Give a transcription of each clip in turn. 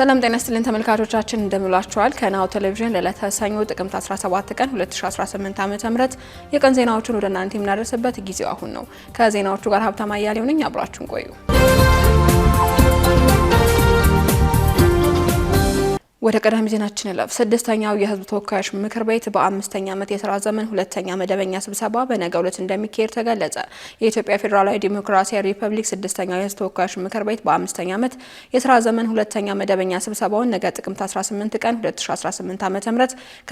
ሰላም ጤና ስትልን ተመልካቾቻችን እንደምላችኋል። ከናሁ ቴሌቪዥን ለዕለተ ሰኞ ጥቅምት 17 ቀን 2018 ም የቀን ዜናዎችን ወደ እናንተ የምናደርስበት ጊዜው አሁን ነው። ከዜናዎቹ ጋር ሀብታም አያሌው ነኝ። አብራችሁን ቆዩ። ወደ ቀዳሚ ዜናችን ለፍ ስድስተኛው የህዝብ ተወካዮች ምክር ቤት በአምስተኛ ዓመት የስራ ዘመን ሁለተኛ መደበኛ ስብሰባ በነገው ዕለት እንደሚካሄድ ተገለጸ። የኢትዮጵያ ፌዴራላዊ ዲሞክራሲያዊ ሪፐብሊክ ስድስተኛው የህዝብ ተወካዮች ምክር ቤት በአምስተኛ ዓመት የስራ ዘመን ሁለተኛ መደበኛ ስብሰባውን ነገ ጥቅምት 18 ቀን 2018 ዓ.ም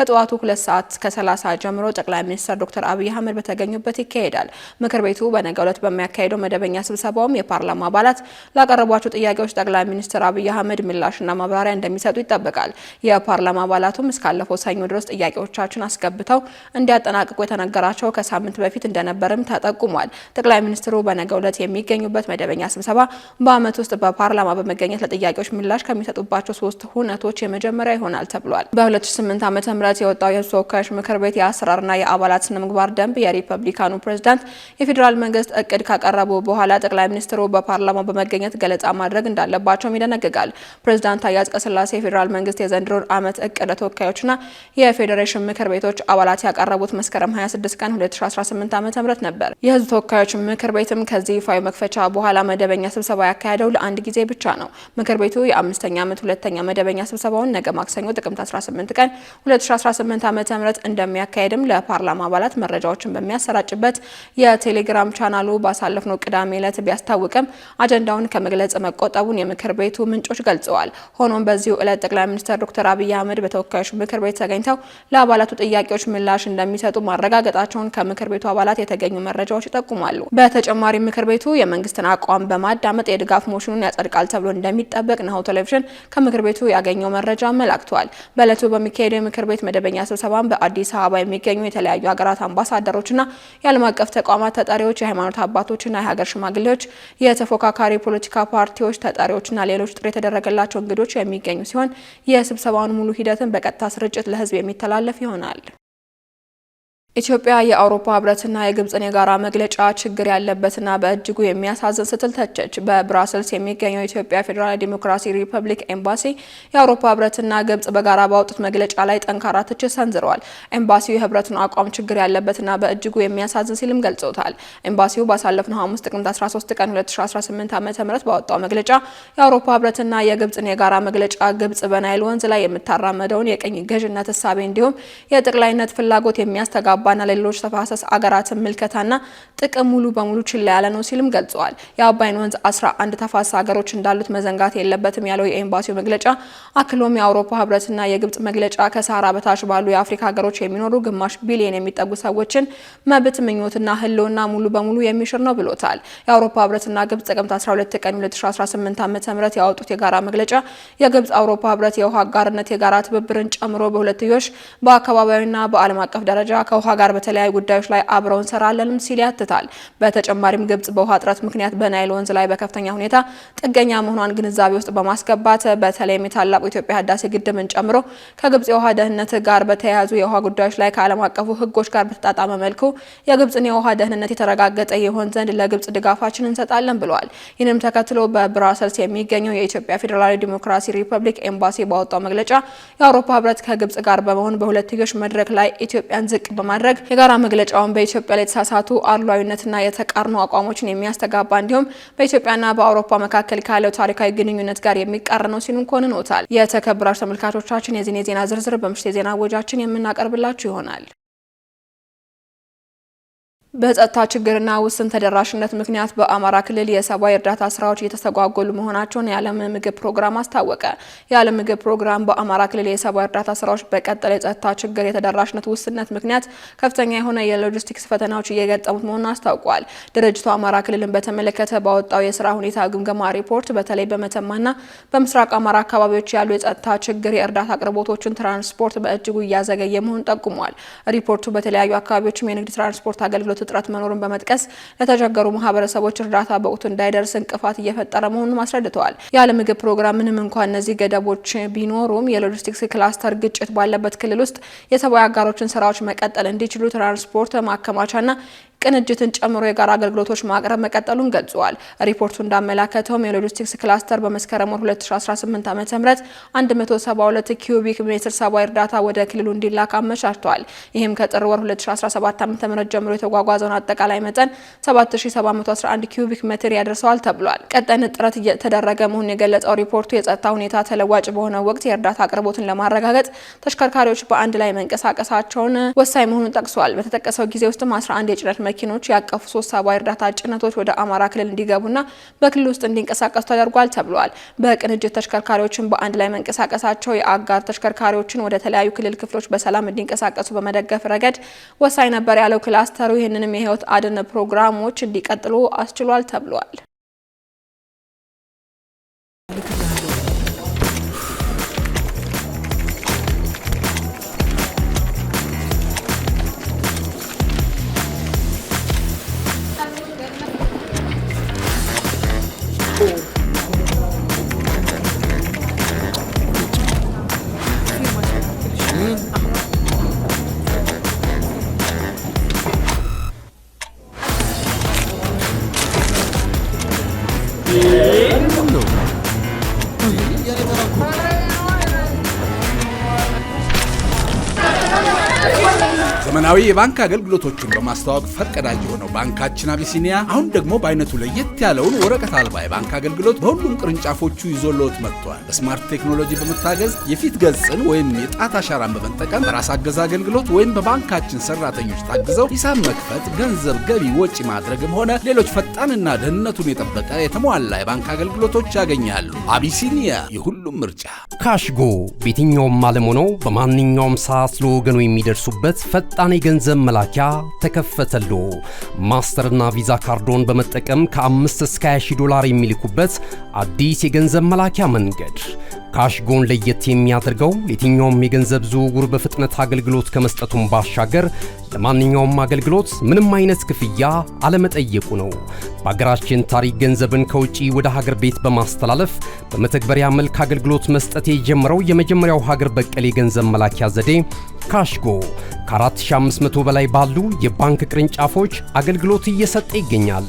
ከጠዋቱ ሁለት ሰዓት ከ30 ጀምሮ ጠቅላይ ሚኒስትር ዶክተር አብይ አህመድ በተገኙበት ይካሄዳል። ምክር ቤቱ በነገው ዕለት በሚያካሄደው መደበኛ ስብሰባውም የፓርላማ አባላት ላቀረቧቸው ጥያቄዎች ጠቅላይ ሚኒስትር አብይ አህመድ ምላሽና ማብራሪያ እንደሚሰጡ ይጠበቃል። ይደረጋል። የፓርላማ አባላቱም እስካለፈው ሰኞ ድረስ ጥያቄዎቻችን አስገብተው እንዲያጠናቅቁ የተነገራቸው ከሳምንት በፊት እንደነበርም ተጠቁሟል። ጠቅላይ ሚኒስትሩ በነገው ዕለት የሚገኙበት መደበኛ ስብሰባ በዓመት ውስጥ በፓርላማ በመገኘት ለጥያቄዎች ምላሽ ከሚሰጡባቸው ሶስት ሁነቶች የመጀመሪያ ይሆናል ተብሏል። በ2008 ዓ ም የወጣው የህዝብ ተወካዮች ምክር ቤት የአሰራርና የአባላት ስነ ምግባር ደንብ የሪፐብሊካኑ ፕሬዝዳንት የፌዴራል መንግስት እቅድ ካቀረቡ በኋላ ጠቅላይ ሚኒስትሩ በፓርላማ በመገኘት ገለጻ ማድረግ እንዳለባቸውም ይደነግጋል። ፕሬዚዳንት ታዬ አጽቀሥላሴ የፌዴራል መንግስት መንግስት የዘንድሮን ዓመት እቅድ ተወካዮችና የፌዴሬሽን ምክር ቤቶች አባላት ያቀረቡት መስከረም 26 ቀን 2018 ዓ ም ነበር። የህዝብ ተወካዮች ምክር ቤትም ከዚህ ይፋዊ መክፈቻ በኋላ መደበኛ ስብሰባ ያካሄደው ለአንድ ጊዜ ብቻ ነው። ምክር ቤቱ የአምስተኛ ዓመት ሁለተኛ መደበኛ ስብሰባውን ነገ ማክሰኞ ጥቅምት 18 ቀን 2018 ዓ ም እንደሚያካሄድም ለፓርላማ አባላት መረጃዎችን በሚያሰራጭበት የቴሌግራም ቻናሉ ባሳለፍነው ቅዳሜ ዕለት ቢያስታውቅም አጀንዳውን ከመግለጽ መቆጠቡን የምክር ቤቱ ምንጮች ገልጸዋል። ሆኖም በዚሁ ዕለት ጠቅላይ ሚኒስትር ዶክተር አብይ አህመድ በተወካዮች ምክር ቤት ተገኝተው ለአባላቱ ጥያቄዎች ምላሽ እንደሚሰጡ ማረጋገጣቸውን ከምክር ቤቱ አባላት የተገኙ መረጃዎች ይጠቁማሉ። በተጨማሪ ምክር ቤቱ የመንግስትን አቋም በማዳመጥ የድጋፍ ሞሽኑን ያጸድቃል ተብሎ እንደሚጠበቅ ናሁ ቴሌቪዥን ከምክር ቤቱ ያገኘው መረጃ አመላክቷል። በእለቱ በሚካሄደው የምክር ቤት መደበኛ ስብሰባም በአዲስ አበባ የሚገኙ የተለያዩ ሀገራት አምባሳደሮችና የዓለም አቀፍ ተቋማት ተጠሪዎች፣ የሃይማኖት አባቶችና የሀገር ሽማግሌዎች፣ የተፎካካሪ ፖለቲካ ፓርቲዎች ተጠሪዎችና ሌሎች ጥሪ የተደረገላቸው እንግዶች የሚገኙ ሲሆን የስብሰባውን ሙሉ ሂደትን በቀጥታ ስርጭት ለህዝብ የሚተላለፍ ይሆናል። ኢትዮጵያ የአውሮፓ ህብረትና የግብፅን የጋራ መግለጫ ችግር ያለበትና በእጅጉ የሚያሳዝን ስትል ተቸች። በብራስልስ የሚገኘው የኢትዮጵያ ፌዴራል ዲሞክራሲ ሪፐብሊክ ኤምባሲ የአውሮፓ ህብረትና ግብጽ በጋራ ባወጡት መግለጫ ላይ ጠንካራ ትችት ሰንዝረዋል። ኤምባሲው የህብረቱን አቋም ችግር ያለበትና በእጅጉ የሚያሳዝን ሲልም ገልጾታል። ኤምባሲው ባሳለፍነው ሐሙስ ጥቅምት 13 ቀን 2018 ዓ ም ባወጣው መግለጫ የአውሮፓ ህብረትና የግብፅን የጋራ መግለጫ ግብጽ በናይል ወንዝ ላይ የምታራመደውን የቅኝ ገዥነት እሳቤ እንዲሁም የጠቅላይነት ፍላጎት የሚያስተጋ የተጋባና ለሌሎች ተፋሰስ አገራትን ምልከታና ጥቅም ሙሉ በሙሉ ችላ ያለ ነው ሲልም ገልጸዋል። የአባይን ወንዝ አስራ አንድ ተፋሰስ ሀገሮች እንዳሉት መዘንጋት የለበትም ያለው የኤምባሲው መግለጫ አክሎም የአውሮፓ ህብረትና የግብጽ መግለጫ ከሳራ በታች ባሉ የአፍሪካ ሀገሮች የሚኖሩ ግማሽ ቢሊየን የሚጠጉ ሰዎችን መብት ምኞትና ህልውና ሙሉ በሙሉ የሚሽር ነው ብሎታል። የአውሮፓ ህብረትና ግብጽ ጥቅምት 12 ቀን 2018 ዓ.ም ያወጡት የጋራ መግለጫ የግብጽ አውሮፓ ህብረት የውሃ አጋርነት የጋራ ትብብርን ጨምሮ በሁለትዮሽ በአካባቢያዊና በዓለም አቀፍ ደረጃ ከውሃ ከውሃ ጋር በተለያዩ ጉዳዮች ላይ አብረው እንሰራለንም ሲል ያትታል። በተጨማሪም ግብጽ በውሃ እጥረት ምክንያት በናይል ወንዝ ላይ በከፍተኛ ሁኔታ ጥገኛ መሆኗን ግንዛቤ ውስጥ በማስገባት በተለይም የታላቁ የኢትዮጵያ ህዳሴ ግድብን ጨምሮ ከግብጽ የውሃ ደህንነት ጋር በተያያዙ የውሃ ጉዳዮች ላይ ከዓለም አቀፉ ህጎች ጋር በተጣጣመ መልኩ የግብጽን የውሃ ደህንነት የተረጋገጠ ይሆን ዘንድ ለግብጽ ድጋፋችን እንሰጣለን ብለዋል። ይህንም ተከትሎ በብራሰልስ የሚገኘው የኢትዮጵያ ፌዴራላዊ ዲሞክራሲ ሪፐብሊክ ኤምባሲ ባወጣው መግለጫ የአውሮፓ ህብረት ከግብጽ ጋር በመሆን በሁለትዮሽ መድረክ ላይ ኢትዮጵያን ዝቅ በማ በማድረግ የጋራ መግለጫውን በኢትዮጵያ ላይ የተሳሳቱ አድሏዊነትና የተቃርኖ አቋሞችን የሚያስተጋባ እንዲሁም በኢትዮጵያና በአውሮፓ መካከል ካለው ታሪካዊ ግንኙነት ጋር የሚቃረን ነው ሲሉም ኮንኖታል። የተከበራችሁ ተመልካቾቻችን የዚህን የዜና ዝርዝር በምሽት የዜና ወጃችን የምናቀርብላችሁ ይሆናል። በጸጥታ ችግርና ውስን ተደራሽነት ምክንያት በአማራ ክልል የሰብአዊ እርዳታ ስራዎች እየተስተጓጎሉ መሆናቸውን የዓለም ምግብ ፕሮግራም አስታወቀ። የዓለም ምግብ ፕሮግራም በአማራ ክልል የሰብአዊ እርዳታ ስራዎች በቀጠለ የጸጥታ ችግር የተደራሽነት ውስንነት ምክንያት ከፍተኛ የሆነ የሎጂስቲክስ ፈተናዎች እየገጠሙት መሆኑን አስታውቋል። ድርጅቱ አማራ ክልልን በተመለከተ ባወጣው የስራ ሁኔታ ግምገማ ሪፖርት በተለይ በመተማና በምስራቅ አማራ አካባቢዎች ያሉ የጸጥታ ችግር የእርዳታ አቅርቦቶችን ትራንስፖርት በእጅጉ እያዘገየ መሆኑን ጠቁሟል። ሪፖርቱ በተለያዩ አካባቢዎችም የንግድ ትራንስፖርት አገልግሎት አገልግሎት እጥረት መኖሩን በመጥቀስ ለተቸገሩ ማህበረሰቦች እርዳታ በወቅቱ እንዳይደርስ እንቅፋት እየፈጠረ መሆኑን አስረድተዋል። የዓለም ምግብ ፕሮግራም ምንም እንኳን እነዚህ ገደቦች ቢኖሩም የሎጂስቲክስ ክላስተር ግጭት ባለበት ክልል ውስጥ የሰብአዊ አጋሮችን ስራዎች መቀጠል እንዲችሉ ትራንስፖርት ማከማቻና ቅንጅትን ጨምሮ የጋራ አገልግሎቶች ማቅረብ መቀጠሉን ገልጿል። ሪፖርቱ እንዳመላከተውም የሎጂስቲክስ ክላስተር በመስከረም ወር 2018 ዓ.ም 172 ኪዩቢክ ሜትር ሰብአዊ እርዳታ ወደ ክልሉ እንዲላክ አመቻችቷል። ይህም ከጥር ወር 2017 ዓ.ም ጀምሮ የተጓጓዘውን አጠቃላይ መጠን 7711 ኪዩቢክ ሜትር ያደርሰዋል ተብሏል። ቀጣይ ጥረት እየተደረገ መሆኑን የገለጸው ሪፖርቱ የጸጥታ ሁኔታ ተለዋጭ በሆነ ወቅት የእርዳታ አቅርቦትን ለማረጋገጥ ተሽከርካሪዎች በአንድ ላይ መንቀሳቀሳቸውን ወሳኝ መሆኑን ጠቅሷል። በተጠቀሰው ጊዜ ውስጥም 11 የጭነት መኪኖች ያቀፉ ሶስት ሰብአዊ እርዳታ ጭነቶች ወደ አማራ ክልል እንዲገቡና በክልል ውስጥ እንዲንቀሳቀሱ ተደርጓል ተብሏል። በቅንጅት ተሽከርካሪዎችን በአንድ ላይ መንቀሳቀሳቸው የአጋር ተሽከርካሪዎችን ወደ ተለያዩ ክልል ክፍሎች በሰላም እንዲንቀሳቀሱ በመደገፍ ረገድ ወሳኝ ነበር ያለው ክላስተሩ ይህንንም የህይወት አድን ፕሮግራሞች እንዲቀጥሉ አስችሏል ተብሏል። ዘመናዊ የባንክ አገልግሎቶችን በማስተዋወቅ ፈር ቀዳጅ የሆነው ባንካችን አቢሲኒያ አሁን ደግሞ በአይነቱ ለየት ያለውን ወረቀት አልባ የባንክ አገልግሎት በሁሉም ቅርንጫፎቹ ይዞልዎት መጥቷል። በስማርት ቴክኖሎጂ በመታገዝ የፊት ገጽን ወይም የጣት አሻራን በመጠቀም በራስ አገዝ አገልግሎት ወይም በባንካችን ሰራተኞች ታግዘው ሂሳብ መክፈት፣ ገንዘብ ገቢ ወጪ ማድረግም ሆነ ሌሎች ፈጣንና ደህንነቱን የጠበቀ የተሟላ የባንክ አገልግሎቶች ያገኛሉ። አቢሲኒያ የሁሉ የሁሉም ምርጫ ካሽጎ በየትኛውም ዓለም ሆነው በማንኛውም ሰዓት ለወገኑ የሚደርሱበት ፈጣን የገንዘብ መላኪያ ተከፈተሉ። ማስተርና ቪዛ ካርዶን በመጠቀም ከ5 እስከ 20 ዶላር የሚልኩበት አዲስ የገንዘብ መላኪያ መንገድ ካሽጎን ለየት የሚያደርገው የትኛውም የገንዘብ ዝውውር በፍጥነት አገልግሎት ከመስጠቱን ባሻገር ለማንኛውም አገልግሎት ምንም አይነት ክፍያ አለመጠየቁ ነው። በሀገራችን ታሪክ ገንዘብን ከውጪ ወደ ሀገር ቤት በማስተላለፍ በመተግበሪያ መልክ አገልግሎት መስጠት የጀመረው የመጀመሪያው ሀገር በቀል የገንዘብ መላኪያ ዘዴ ካሽጎ ከ4500 በላይ ባሉ የባንክ ቅርንጫፎች አገልግሎት እየሰጠ ይገኛል።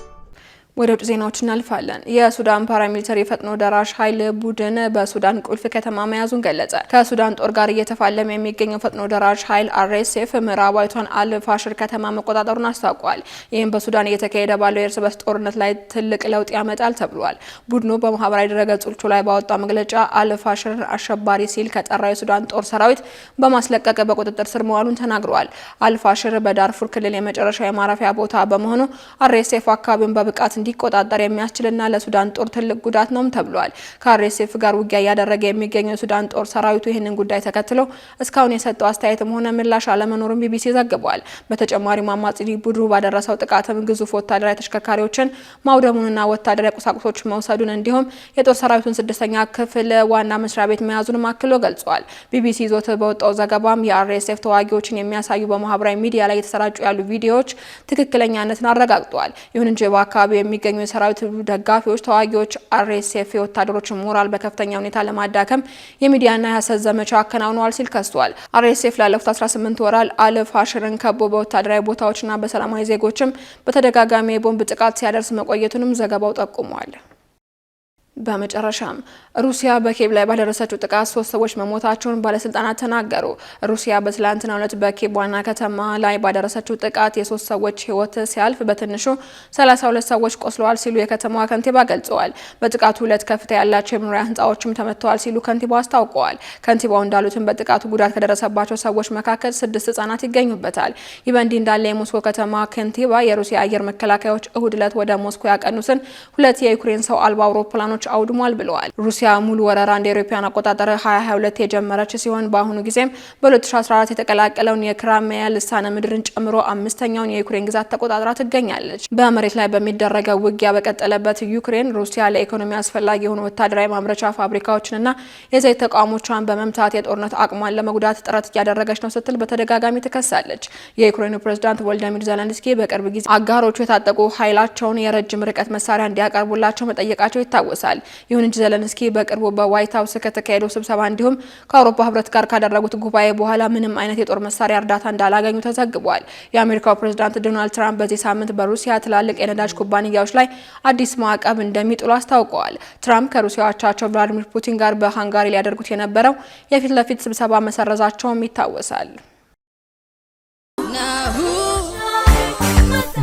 ወደ ውጭ ዜናዎች እናልፋለን። የሱዳን ፓራሚሊተሪ የፈጥኖ ደራሽ ኃይል ቡድን በሱዳን ቁልፍ ከተማ መያዙን ገለጸ። ከሱዳን ጦር ጋር እየተፋለመ የሚገኘው ፈጥኖ ደራሽ ኃይል አርኤስኤፍ ምዕራባዊቷን አልፋሽር ከተማ መቆጣጠሩን አስታውቋል። ይህም በሱዳን እየተካሄደ ባለው የእርስ በርስ ጦርነት ላይ ትልቅ ለውጥ ያመጣል ተብሏል። ቡድኑ በማህበራዊ ድረገጾቹ ላይ ባወጣው መግለጫ አልፋሽር አሸባሪ ሲል ከጠራው የሱዳን ጦር ሰራዊት በማስለቀቅ በቁጥጥር ስር መዋሉን ተናግረዋል። አልፋሽር በዳርፉር ክልል የመጨረሻ የማረፊያ ቦታ በመሆኑ አርኤስኤፍ አካባቢውን በብቃት እንዲቆጣጠር የሚያስችልና ለሱዳን ጦር ትልቅ ጉዳት ነውም ተብሏል። ከአርኤስኤፍ ጋር ውጊያ እያደረገ የሚገኘው የሱዳን ጦር ሰራዊቱ ይህንን ጉዳይ ተከትሎ እስካሁን የሰጠው አስተያየትም ሆነ ምላሽ አለመኖሩን ቢቢሲ ዘግቧል። በተጨማሪም አማጺ ቡድኑ ባደረሰው ጥቃትም ግዙፍ ወታደራዊ ተሽከርካሪዎችን ማውደሙንና ወታደራዊ ቁሳቁሶች መውሰዱን እንዲሁም የጦር ሰራዊቱን ስድስተኛ ክፍል ዋና መስሪያ ቤት መያዙን አክሎ ገልጿል። ቢቢሲ ይዞት በወጣው ዘገባም የአርኤስኤፍ ተዋጊዎችን የሚያሳዩ በማህበራዊ ሚዲያ ላይ የተሰራጩ ያሉ ቪዲዮዎች ትክክለኛነትን አረጋግጧል። ይሁን እንጂ በአካባቢው የሚገኙ የሰራዊት ደጋፊዎች ተዋጊዎች አርኤስኤፍ የወታደሮች ሞራል በከፍተኛ ሁኔታ ለማዳከም የሚዲያና የሀሰት ዘመቻ አከናውነዋል ሲል ከሷል። አርኤስኤፍ ላለፉት 18 ወራት አልፍ አሽርን ከቦ በወታደራዊ ቦታዎችና በሰላማዊ ዜጎችም በተደጋጋሚ የቦምብ ጥቃት ሲያደርስ መቆየቱንም ዘገባው ጠቁሟል። በመጨረሻም ሩሲያ በኬብ ላይ ባደረሰችው ጥቃት ሶስት ሰዎች መሞታቸውን ባለስልጣናት ተናገሩ። ሩሲያ በትላንትና ዕለት በኬብ ዋና ከተማ ላይ ባደረሰችው ጥቃት የሶስት ሰዎች ህይወት ሲያልፍ በትንሹ 32 ሰዎች ቆስለዋል ሲሉ የከተማዋ ከንቲባ ገልጸዋል። በጥቃቱ ሁለት ከፍታ ያላቸው የመኖሪያ ህንፃዎችም ተመተዋል ሲሉ ከንቲባው አስታውቀዋል። ከንቲባው እንዳሉትም በጥቃቱ ጉዳት ከደረሰባቸው ሰዎች መካከል ስድስት ህጻናት ይገኙበታል። ይህ በእንዲህ እንዳለ የሞስኮ ከተማ ከንቲባ የሩሲያ አየር መከላከያዎች እሁድ ለት ወደ ሞስኮ ያቀኑትን ሁለት የዩክሬን ሰው አልባ አውሮፕላኖች መኪናዎች አውድሟል ብለዋል። ሩሲያ ሙሉ ወረራ እንደ አውሮፓውያን አቆጣጠር 2022 የጀመረች ሲሆን በአሁኑ ጊዜም በ2014 የተቀላቀለውን የክራሚያ ልሳነ ምድርን ጨምሮ አምስተኛውን የዩክሬን ግዛት ተቆጣጥራ ትገኛለች። በመሬት ላይ በሚደረገው ውጊያ በቀጠለበት ዩክሬን ሩሲያ ለኢኮኖሚ አስፈላጊ የሆኑ ወታደራዊ ማምረቻ ፋብሪካዎችንና የዘይት ተቋሞቿን በመምታት የጦርነት አቅሟን ለመጉዳት ጥረት እያደረገች ነው ስትል በተደጋጋሚ ትከሳለች። የዩክሬኑ ፕሬዝዳንት ቮልዲሚር ዘለንስኪ በቅርብ ጊዜ አጋሮቹ የታጠቁ ኃይላቸውን የረጅም ርቀት መሳሪያ እንዲያቀርቡላቸው መጠየቃቸው ይታወሳል። ይገለጻል። ይሁን እንጂ ዘለንስኪ በቅርቡ በዋይት ሀውስ ከተካሄደው ስብሰባ እንዲሁም ከአውሮፓ ህብረት ጋር ካደረጉት ጉባኤ በኋላ ምንም አይነት የጦር መሳሪያ እርዳታ እንዳላገኙ ተዘግቧል። የአሜሪካው ፕሬዝዳንት ዶናልድ ትራምፕ በዚህ ሳምንት በሩሲያ ትላልቅ የነዳጅ ኩባንያዎች ላይ አዲስ ማዕቀብ እንደሚጥሉ አስታውቀዋል። ትራምፕ ከሩሲያ አቻቸው ቭላዲሚር ፑቲን ጋር በሃንጋሪ ሊያደርጉት የነበረው የፊት ለፊት ስብሰባ መሰረዛቸውም ይታወሳል።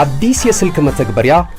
አዲስ የስልክ መተግበሪያ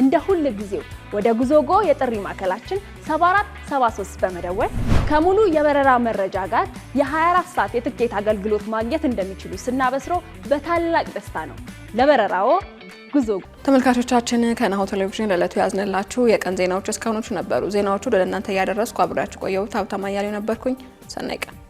እንደ ሁል ጊዜው ወደ ጉዞጎ የጥሪ ማዕከላችን 7473 በመደወል ከሙሉ የበረራ መረጃ ጋር የ24 ሰዓት የትኬት አገልግሎት ማግኘት እንደሚችሉ ስናበስሮ በታላቅ ደስታ ነው። ለበረራዎ ጉዞጎ። ተመልካቾቻችን ከናሁ ቴሌቪዥን ለዕለቱ ያዝንላችሁ የቀን ዜናዎች እስካሁኖቹ ነበሩ። ዜናዎቹ ለእናንተ ያደረስኩ እያደረስኩ አብሬያችሁ ቆየሁት። ሀብታማ እያሌው ነበርኩኝ። ሰናይ ቀን